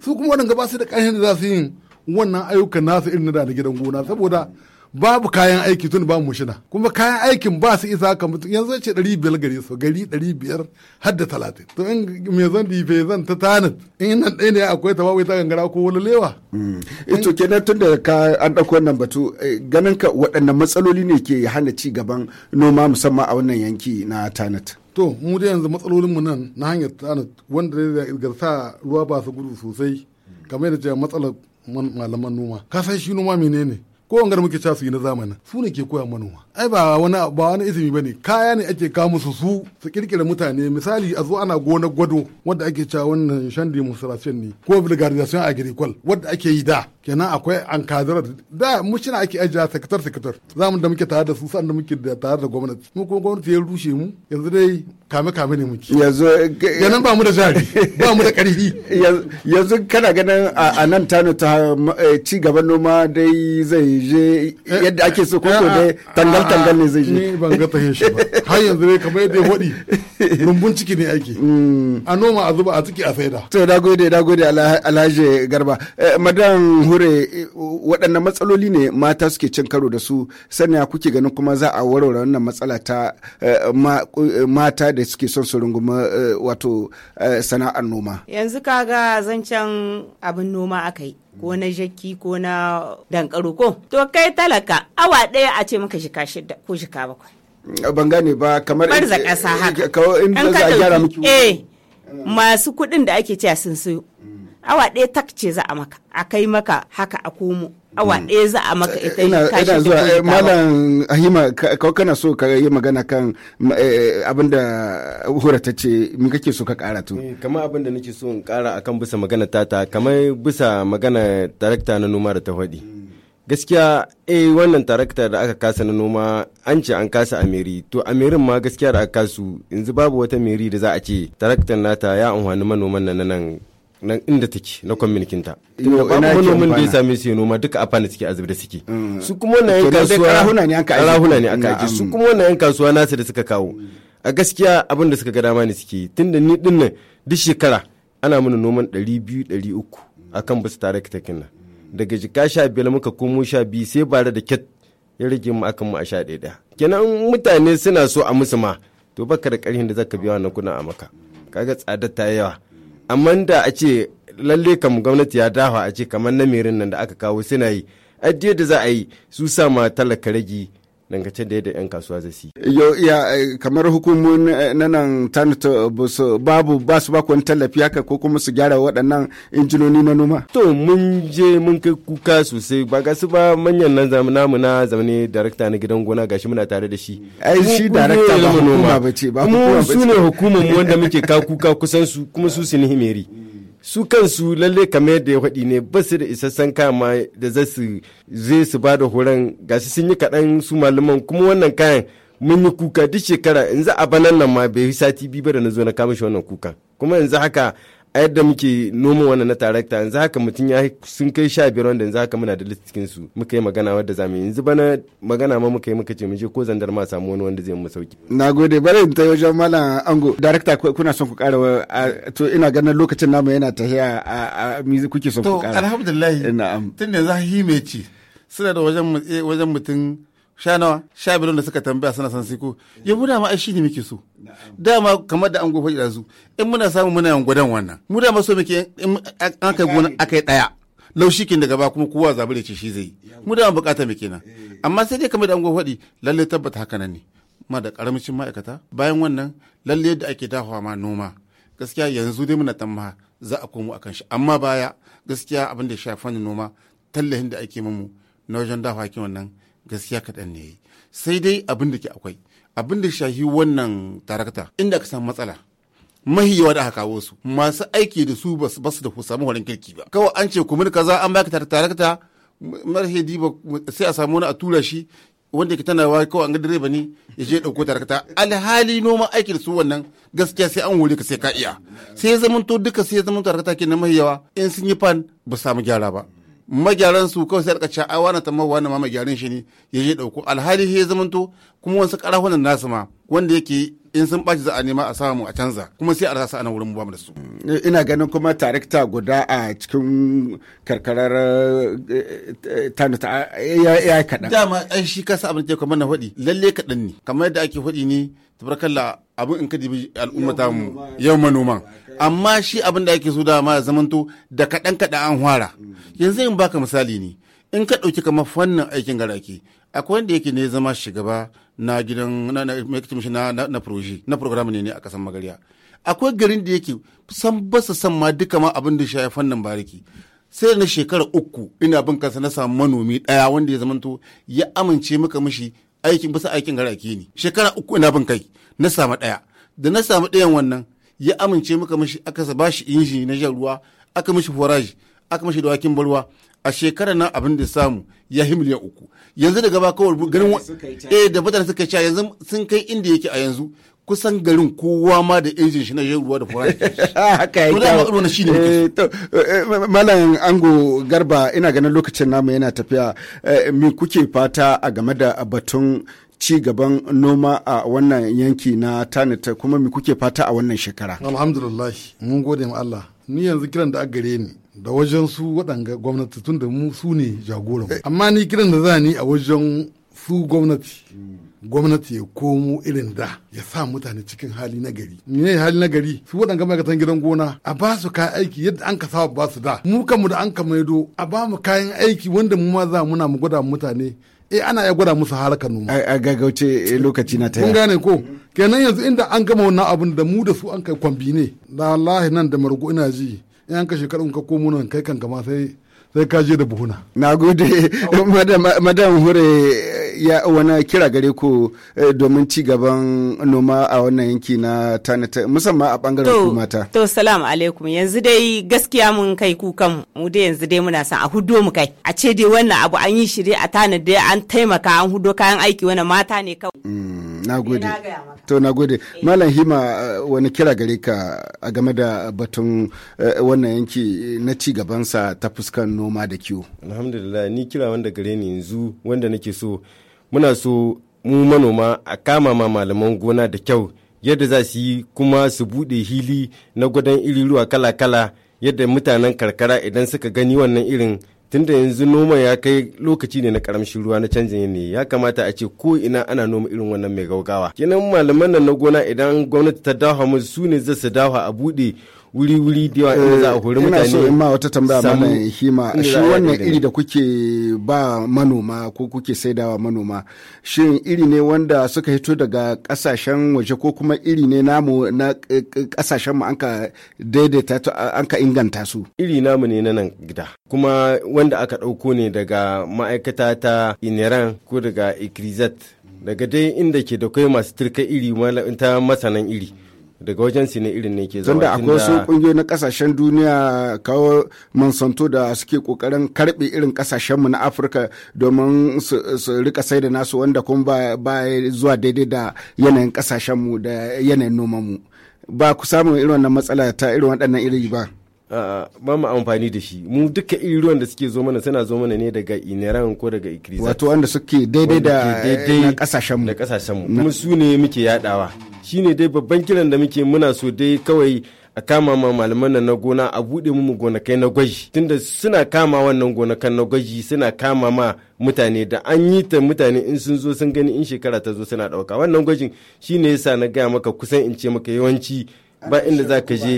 su kuma wadanda ba su da ƙarfin da za su yi wannan ayyukan nasu irin da gidan gona saboda babu kayan aiki tun ba mu mushina kuma kayan aikin ba su isa ka mutum yanzu ce 500 biyar gari su gari 500 har da talatin to in me zan zan ta tanit in nan ɗaya ne akwai ta bawai ta gangara ko wani lewa. ito mm. eh, kenan tun da ka an ɗauko wannan batu eh, ganin ka waɗannan matsaloli ne ke hana ci gaban noma musamman a wannan yanki na tanit. to mu da yanzu matsalolinmu nan na hanyar tana wanda da sa ruwa ba su gudu sosai kamar da matsalar malaman noma ka san shi noma menene ko an muke ca su yi na zamanin su ne ke koya manoma ai ba wani ba wani izini bane kaya ne ake kawo musu su su kirkira mutane misali a zo ana gona gwado wadda ake cewa wannan shan demonstration ne ko vulgarization agricole wadda ake yi da kenan akwai an kadara da mu shi ake ajiya sakatar sakatar zamu da muke tare da su san da muke tare da gwamnati mu kuma gwamnati ya rushe mu yanzu dai kame kame ne muke yanzu kenan ba mu da jari ba mu da karfi yanzu kana ganin a nan tano ta eh, ci gaban noma dai zai je yadda ake so ko ko dai tangal tangal ne zai je ni ban ga tahin shi ba har yanzu dai kamar yadda ya wadi rumbun ciki ne ake mm. a noma a zuba a ciki a faida. to da gode da gode alhaji garba eh, madan hure waɗannan matsaloli ne mata suke cin karo da su sannan kuke ganin kuma za a warware wannan matsala ta eh, eh, mata da suke son su runguma wato sana'ar noma yanzu kaga zancen abin noma aka yi ko na jaki ko na dankaro ko to kai talaka awa ɗaya a ce maka shika shida ko shika bakwai ban gane ba kamar barza haka eh, in za a gyara miki eh masu kuɗin da ake cewa sun sayo awa ɗaya tak ce za a maka a kai maka haka a komo awa hmm. ɗaya za a maka ita ina ina zuwa eh, malam ahima kawo kana so ka yi magana kan eh, abin da hura ta ce mun kake so ka kara tu eh, kamar abin da nake so in kara akan bisa magana tata kamar bisa magana tarakta na noma da ta faɗi gaskiya eh wannan tarakta da aka kasa na noma an ce an kasa a meri to a merin ma gaskiya da aka kasu yanzu babu wata meri da za a ce taraktar nata ya amfani manoman nan nan nan inda take na kwaminikinta manomin da ya sami su noma duka a fana suke azubda suke mm. su kuma wannan yan kasuwa karahuna ne aka aiki su kuma wannan yan kasuwa nasu da suka kawo a gaskiya abin da suka ga dama ne suke tunda ni din nan duk shekara ana mana noman ɗari ɗari biyu uku a kan basu tare ka takin nan daga jika sha biyar muka komo sha biyu sai bare da ket ya rage mu akan mu a sha ɗaya ɗaya kenan mutane suna so a musu ma to baka da ƙarfin da zaka biya wannan kuɗin a maka kaga tsadar ta yawa amma da a ce lalle kam gwamnati ya dafa a ce kamar na nan da aka kawo suna yi ajiye da za a yi su sama talaka ragi dangance da yadda 'yan kasuwa zai si. Yo, ya eh, kamar hukumun eh, na nan tanto babu ba su bakon tallafi haka ko kuma su gyara waɗannan injinoni na noma. To mun je mun kai kuka sosai ba ga su ba manyan nan zamana mu na zamani darakta na gidan gona gashi muna tare da shi. Ai shi darakta ba hukuma ba ce ba hukuma ba ce. Mu su ne hukumar mu wanda muke ka kuka kusan su kuma su su ni himeri. su kansu lalle kamar yadda ya faɗi ne ba su da isassan kama da za su zai su ba da horon gashi sun yi kaɗan su malaman kuma wannan kayan mun yi kuka duk shekara in za a banan nan ma bai sati biyu ba da na zo na kama shi wannan kuka kuma yanzu haka a yadda muke noma wannan na tarakta yanzu haka mutum ya sun kai sha biyar wanda yanzu haka muna da littafin su muka yi magana wadda za mu yanzu bana magana ma muka yi muka ce mu je ko zandar ma samu wani wanda zai mu sauki na nagode bare ta wajen mala ango darakta kuna son ku kara to ina ganin lokacin namu yana tahiya a mizi kuke son ku kara to alhamdulillah na'am tunda zahi mai ci suna da wajen eh, mutum sha nawa sha miliyon da suka tambaya suna san sai ya yabu dama ai shine muke so dama kamar da an gofa da su in muna samu muna yan gwadan wannan mu dama so muke in an kai gona akai daya kin daga ba kuma kowa zabi da ce shi zai mu dama bukata muke na eh. amma sai dai kamar da an gofa di lalle tabbata haka nan ne ma da karamcin ma'aikata bayan wannan lalle yadda ake dafawa ma noma gaskiya yanzu dai muna tamma za a komo akan shi amma baya gaskiya abin da ya shafi noma tallahin da ake mamu na wajen dafa kin wannan gaskiya kaɗan ne sai dai abin da ke akwai abin da shahi wannan tarakta inda ka samu matsala yawa da aka kawo su masu aiki da su ba su da samu horon kirki ba kawai an ce kuma kaza an baka tarakta marhedi ba sai a samu wani a tura shi wanda ke tana wa kawai an ga direba ne ya je ɗauko tarakta alhali noma da su wannan gaskiya sai an wuri ka sai ka iya sai ya zamanto duka sai ya zamanto tarakta ke na yawa in sun yi fan ba samu gyara ba magyaran su kawai sai da cewa ai wani tamma wani ma magyaran shi ne ya je dauko alhali ya zamanto kuma wasu karahunan nasu ma wanda yake in sun baci za a nema a samu a canza kuma sai a rasa ana wurin bamu da su. ina ganin kuma tarikta guda a cikin karkarar tanu eh, ta ya kaɗan. dama ai shi kasa abin da kamar na faɗi lalle kaɗan ne kamar yadda ake faɗi ne tabarakallah abin in ka dibi al'ummata mu yau manoma amma shi abin da ake so dama ya zamanto da kaɗan kaɗan an hwara yanzu in baka misali ne in ka ɗauki kama fannin aikin garaki akwai wanda yake ne zama shugaba na gidan na na na proje na program ne ne a kasan magarya akwai garin da yake san ba su san ma duka ma abin da shi fannin bariki sai na shekara uku ina bin kansa na samu manomi ɗaya wanda ya zamanto ya amince maka mishi aikin bisa aikin garaki ne shekara uku ina bin kai na samu ɗaya da na samu ɗayan wannan ya amince muka mashi aka ba shi inji na jan ruwa aka mashi foraji aka mashi dawakin balwa a shekarar nan abin da samu ya yi miliyan uku yanzu daga ba kawai garin eh da fatan suka ci yanzu sun kai inda yake a yanzu kusan garin kowa ma da injin shi na yin ruwa da foraji haka yake to da wannan shine eh, eh, eh, malam ango garba ina ganin lokacin namu yana tafiya me kuke fata a game da batun ci gaban noma a wannan yanki na tanita kuma me kuke fata a wannan shekara alhamdulillah mun gode ma Allah ni yanzu kiran da gare ni da wajen su waɗanga gwamnati tun da mu su ne jagoran eh. amma ni kiran da za ni a wajen su gwamnati gwamnati ya komo irin da ya sa mutane cikin hali na gari ne hali na gari su waɗanga ma'aikatan gidan gona a ba su kayan aiki yadda an ka saba ba su da mu kanmu da an ka maido a ba mu kayan aiki wanda mu ma za muna mu gwada mutane eh ana ya gwada musu harkar noma a gagauce eh, lokaci na taya. gane ko kenan yanzu inda an gama wannan abun da mu da su an kai kwambine da wallahi nan da margo ina ji in an ka shekaru ka komo nan kai kan gama sai sai ka je da buhuna na gode madam hure ya wani kira gare ku eh, domin ci gaban noma a wannan yanki na tanata musamman a bangaren ku mata to salamu alaikum yanzu dai gaskiya mun kai kukan mu dai yanzu dai muna son a hudo mu kai a ce dai wannan abu an yi shi dai a tanada an taimaka an hudo kayan aiki wani mata ne kawai mm, na gode eh, to na gode eh. malam hima wani kira gare ka a game da batun wannan yanki na ci gabansa ta fuskan noma da kiwo alhamdulillah ni kira wanda gare ni yanzu wanda nake so muna so mu manoma a kama ma malaman gona da kyau yadda za su yi kuma su bude hili na gwadon iri ruwa kala-kala yadda mutanen karkara idan suka gani wannan irin tunda yanzu noma ya kai lokaci ne na karamshin ruwa na canjin yanayi ya kamata a ce ko ina ana noma irin wannan mai gaugawa kenan malaman nan na gona idan gwamnati ta dawo musu su ne za su dawo a bude. wuri-wuri da yawa za a hori eh, mutane. Ina so in ma wata tambaya mana hima shi wannan iri da kuke ba manoma ko kuke saidawa manoma shi iri ne wanda suka hito daga kasashen waje ko kuma iri ne namu na kasashen eh, eh, mu an ka daidaita an ka inganta su. Iri namu ne na nan gida kuma wanda aka ɗauko ne daga ma'aikata ta Ineran ko daga Ikrizat daga dai inda ke da kai masu turka iri ta masanan iri. daga wajen su ne irin ne ke zama. akwai wasu kungiyoyi na kasashen duniya kawo Monsanto da suke kokarin karbe irin kasashen mu na Afirka domin su rika sai da nasu wanda kuma ba zuwa daidai da yanayin kasashen mu da yanayin noman mu. Ba ku samu irin wannan matsala ta irin waɗannan iri ba. ba mu amfani da shi mu duka iri ruwan da suke zo mana suna zo mana ne daga ineran ko daga ikirisa wato wanda suke daidai da kasashen mu da kasashen mu kuma su ne muke yadawa shine dai babban kiran da muke muna so dai kawai a kama ma malaman nan na gona a buɗe mu gonakai na gwaji tunda suna kama wannan gonakan na gwaji suna kama ma mutane da an yi ta mutane in sun zo sun gani in shekara ta zo suna ɗauka wannan gwajin shine yasa na gaya maka kusan in ce maka yawanci ba inda za ka je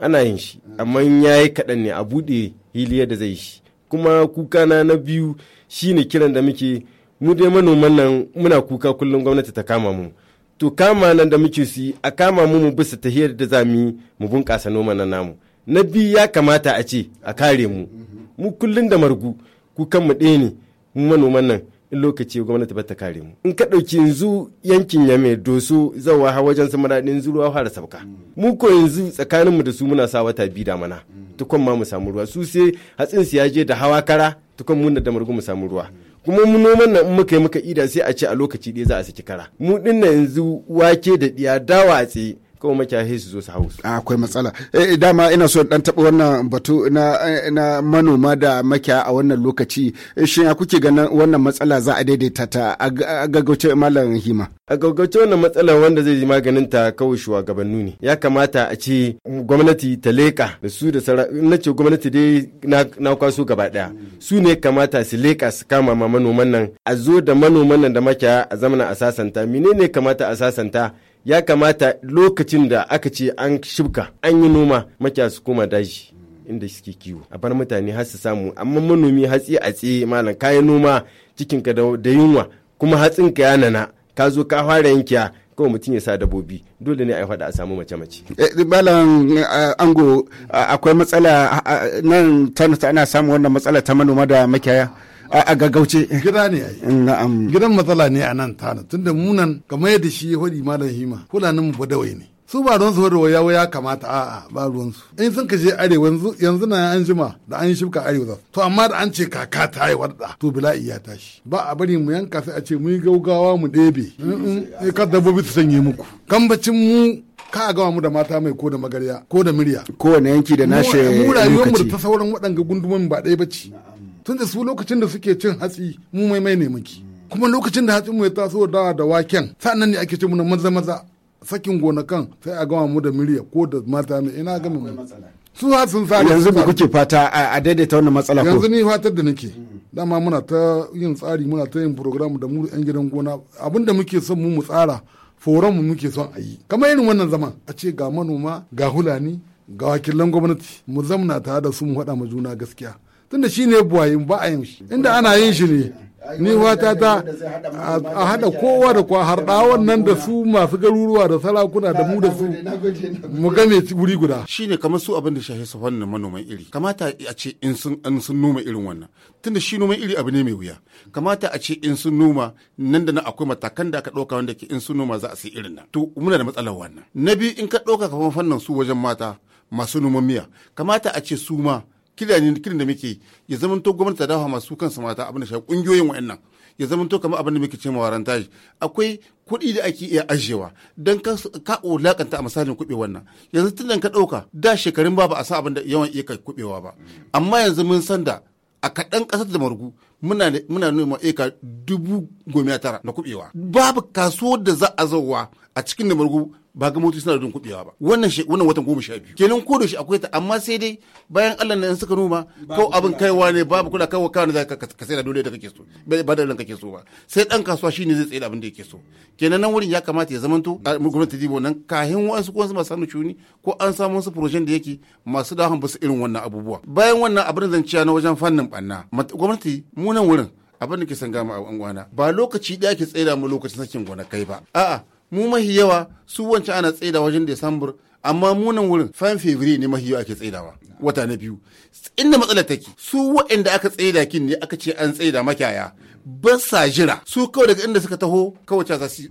ana yin shi amma ya yi kaɗan ne a buɗe hiliyar da zai shi kuma kuka na biyu shine kiran da muke mu dai manoman nan muna kuka kullum gwamnati ta kama mu to kama nan da muke su a kama mu mu bisa hiyar da za mu mu bunƙasa noma na namu na biyu ya kamata a ce a kare mu mu kullum da margu kukan mu ɗaya ne mu manoman nan in lokaci gwamnati ba ta kare mu in ka ɗauki yanzu yankin ya mai doso zawa wajen su maraɗin ɗin ruwa fara sabka mu ko yanzu tsakanin mu da su muna sa wata biyu da mana tukon ma mu samu ruwa su sai hatsin su ya je da hawa kara tukon mun da mu samu ruwa kuma mu noman nan in muka yi muka ida sai a ce a lokaci ɗaya za a saki kara mu ɗin na yanzu wake da ɗiya dawa a tsaye kuma makiyaye su zo su hau su. akwai matsala eh, dama ina so dan taɓa wannan batu na na manoma da makiyaya a wannan lokaci shin ya kuke ganin wannan matsala za a daidaita ta a gaggauce malam hima a gaggauce wannan matsala wanda zai yi maganin ta kawai shugabannu ne ya kamata a ce gwamnati ta leƙa da su da sara na ce gwamnati dai na kwaso gaba daya su ne kamata su leƙa su kama ma manoman nan a zo da manoman nan da makiyaya a zamana a sasanta menene kamata a sasanta ya kamata lokacin da aka ce an shibka an yi noma makiya su koma daji inda suke kiwo a bar mutane har su samu amma manomi hatsi a tsaye malam kayan noma cikinka da yunwa kuma ka ya nana ka zo ka fara yankiya kawai mutum ya sa dabobi dole ne a yi a samu mace-mace. Eh, malam eh, Ango akwai matsala nan ta na samu wannan matsala ta manoma da makiyaya. a gaggauce gida ne a yi gidan matsala ne a nan tana tunda munan kamar yadda shi hori malam hima fulanin mu badawai ne su ba ruwansu wadda waya ya kamata a'a ba ruwansu in sun kashe arewa yanzu na an jima da an shibka arewa to amma da an ce kaka ta yi wadda to bila'i ya tashi ba a bari mu yanka sai a ce mu yi gaugawa mu ɗebe kar dabbobi su sanye muku kambacin mu ka a gawa mu da mata mai ko da magarya ko da murya kowane yanki da nashi mu rayuwar mu da ta sauran waɗanga gundumomi ba ɗaya ba ce tunda su lokacin da suke cin hatsi mu mai mai ne muke kuma lokacin da hatsi mu ya taso da da waken sannan ne ake ce mu maza maza sakin gonakan sai a gama mu da miliya ko da mata mai ina gama mu su ha sun sa yanzu ba kuke fata a daidaita wannan matsala ko yanzu ni fatar da nake dama muna ta yin tsari muna ta yin program da mu yan gidan gona abinda muke son mu mu tsara foran mu muke son a yi kamar irin wannan zaman a ce ga manoma ga hulani ga wakilan gwamnati mu zamna tare da su mu faɗa ma juna gaskiya tunda shi ne buwayin ba a yin shi inda ana yin shi ne ni wata ta a haɗa kowa da kwa harɗa wannan da su masu garuruwa da sarakuna da mu da su mu game wuri guda shine kamar su abin da shahi su fannin manoman iri kamata a ce in sun an sun noma irin wannan tunda shi noman iri abu ne mai wuya kamata a ce in sun noma nan da nan akwai matakan da aka ɗauka wanda ke in sun noma za a sai irin nan to muna da matsalar wannan na biyu in ka ɗauka kamar fannin su wajen mata masu noman miya kamata a ce su ma kiran da muke ya zama to gwamnati ta dawo masu kansu mata abin da shafi kungiyoyin wa'annan ya zama to kamar abin da muke cewa warantaji akwai kuɗi da ake iya ajiyewa don ka wulakanta a misalin kuɓe wannan yanzu tun ka ɗauka da shekarun ba ba a san abin da yawan iya kuɓewa ba amma yanzu mun san da a kaɗan ƙasar da margu muna muna noma eka dubu goma tara na kuɓewa babu kaso da za a zauwa a cikin da margu ba gamoto suna da don kubewa ba wannan wannan watan goma sha biyu kenan ko da shi akwai ta amma sai dai bayan Allah nan suka noma ko abin kaiwa ne babu kula kawo kawai za ka sai da dole da kake so ba da kake so ba sai dan kasuwa shine zai tsaye abin da yake so kenan nan wurin ya kamata ya zamanto gwamnati dibo nan kahin wasu ko masu sanu cuni ko an samu wasu da yake masu dahon basu irin wannan abubuwa bayan wannan abin zanciya na wajen fannin banna gwamnati mu nan wurin abin da ke san gama a ba lokaci ɗaya ke tsaye da mu lokacin sakin kai ba a'a mu mahi yawa su wancan ana tsaida wajen Desambar amma munan wurin fan fevri ne mahi yawa ake tsaidawa wata na biyu inda matsala take su waɗanda aka tsaida kin ne aka ce an tsaida makiyaya ba sa jira su kawai daga inda suka taho kawai ta zasi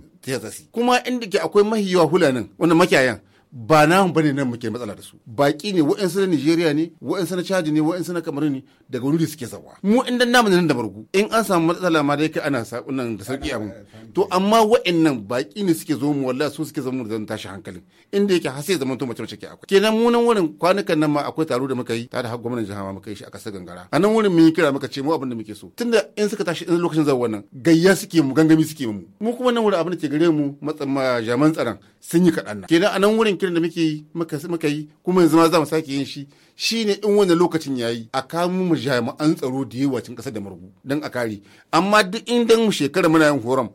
kuma inda ke akwai mahi yawa hulanin wani makiyayan ba namu bane nan muke matsala da su baki ne wa'ansu na Nigeria ne wa'ansu na Chad ne wa'ansu na kamaru ne daga wani da suke zawa mu inda dan ne nan da bargu in an samu matsala ma dai kai ana sakunan da sarki abu to amma wa'annan baki ne suke zo mu wallahi su suke zama da tashi hankalin inda yake har sai zaman to mace mace ke akwai kenan mu nan wurin kwanukan nan ma akwai taro da muka yi ta da har gwamnatin jihar muka yi shi a kasar gangara a nan wurin mun yi kira muka ce mu abin da muke so tunda in suka tashi in lokacin zawa wannan gayya suke mu gangami suke mu mu kuma nan wurin abin da ke gare mu matsan jaman tsaron sun yi kaɗan kenan a nan wurin kiran da muke muka yi kuma yanzu ma za mu sake yin shi shine in wani lokacin yayi a kamu mu jami'an tsaro da yawa cikin kasar da margu don a kare amma duk inda mu shekara muna yin horon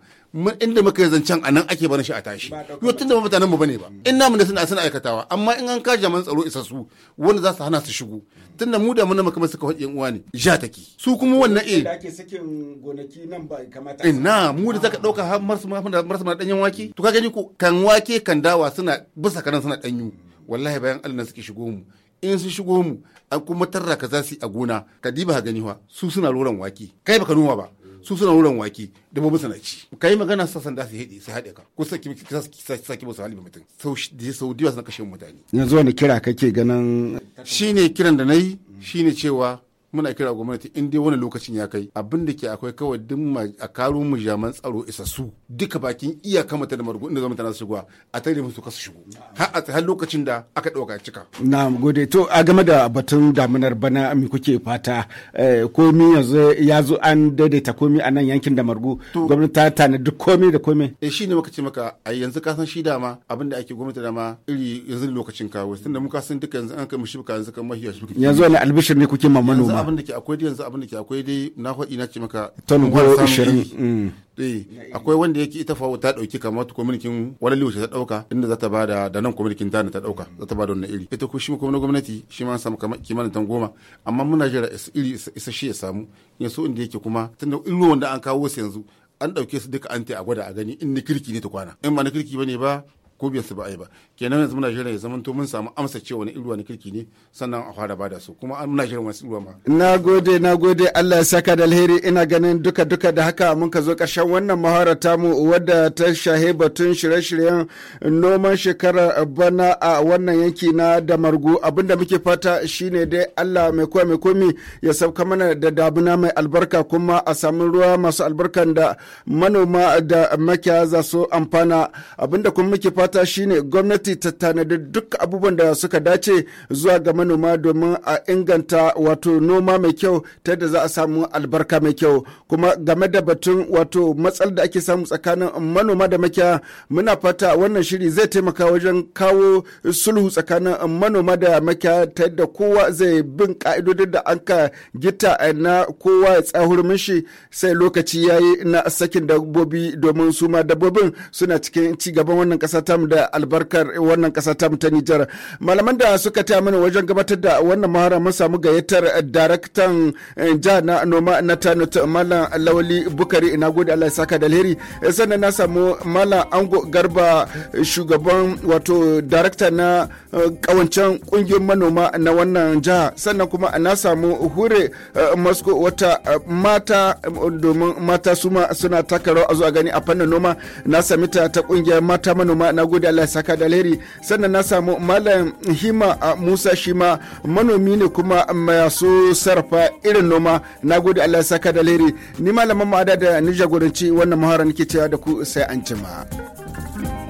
inda muka yi zancen a nan ake barin shi a tashi yau tun da ba mutanen mu bane ba mm. in namu da suna suna aikatawa amma in an ka jaman tsaro isa su wanda za su hana su shigo tun da mu da mun muka suka yan uwa ne ja take su kuma wannan eh da ake sakin gonaki nan ba kamata mu da zaka dauka ah. har marsu marsu ma danyen wake to ka gani ko kan wake kan dawa suna bisa kanan suna danyu mm. wallahi bayan Allah suke shigo mu in sun shigo mu an kuma tarra ka za su yi a gona ka diba ka gani wa su suna loran wake kai baka noma ba su suna wurin waki babu suna ci ka yi magana sa sanda su haɗe su haɗe ka ko sa ki sa ki su halibin mutum sau diwa suna kashe mutane yanzu wani kira kake ganin shine kiran da na yi shine cewa muna kira gwamnati in dai wani lokacin ya kai abin da ke akwai kawai duk a karo mu jaman tsaro isa su. duka bakin iya kama ta da margo inda zama tana shigo a tare musu kasu shigo har lokacin da aka dauka cika na gode to a game da batun daminar bana mi kuke fata eh, komi yanzu ya zo an daidaita komi a nan yankin da margo gwamnati ta duk komi da komi eh ne muka ce maka a yanzu ka san shi dama abin da ake gwamnati dama iri yanzu lokacin kawo tunda muka san duka yanzu an kai mu shi ka yanzu kan shi yanzu wani albishir ne kuke ma abin da ke akwai da yanzu abin da ke akwai dai na faɗi na ce maka ton goma ishirin mm. eh, akwai wanda yake ita fawo ta dauki kamar ta kwamitin wani liwace ta dauka inda za ta ba da da nan kwamitin ta ta dauka za ta ba da wannan iri ita ko shi kuma na gwamnati shi ma samu kamar kimanin tan goma amma muna jira iri isa shi ya samu so inda yake kuma tunda iri wanda an kawo su yanzu an dauke su duka an ta a gwada a gani in ni kirki ne ta kwana in ba ni kirki ne ba ko biyan su ba yi ba kenan yanzu muna shirin ya to mun samu amsa cewa wani iruwa na kirki ne sannan a fara bada su kuma muna shirin wasu iruwa ma. na gode na gode allah ya saka da alheri ina ganin duka duka da haka mun ka zo ƙarshen wannan mahara tamu wadda ta shahe batun shirye-shiryen noman shekarar bana a wannan yanki na damargu abinda muke fata shine dai allah mai kowa mai komi ya sauka mana da damuna mai albarka kuma a samu ruwa masu albarkan da manoma da makiya za su amfana abinda kuma muke fata shine gwamnati gwamnati ta tanadi duk abubuwan da suka dace zuwa ga manoma domin a inganta wato noma mai kyau ta yadda za a samu albarka mai kyau kuma game da batun wato matsal da ake samu tsakanin manoma da makiya muna fata wannan shiri zai taimaka wajen kawo sulhu tsakanin manoma da makiya ta yadda kowa zai bin ka'idodin da an ka gita na kowa ya tsahurumin shi sai lokaci ya yi na sakin dabbobi domin su ma dabbobin suna cikin ci gaban wannan kasa tamu da albarkar wannan kasa ta ta Nijar. Malaman da suka taya mana wajen gabatar da wannan mahara mun samu gayyatar daraktan eh, jiha na noma na Tanut Malam Lawali Bukari ina gode Allah ya saka da alheri. Sannan na samu Malam Ango Garba shugaban wato darakta na kawancen eh, kungiyoyin manoma na wannan jiha. Sannan kuma na samu Hure eh, Masko wata mata domin mata suma suna taka rawa a zuwa gani a fannin noma na sami ta ta kungiyar mata manoma na gode Allah ya saka da alheri. alheri sannan na samu malam hima a musa shi ma manomi ne kuma masu sarrafa irin noma na gode allah saka da alheri ni malamin ma'ada da ni jagoranci wannan muharar nake cewa da ku sai an jima.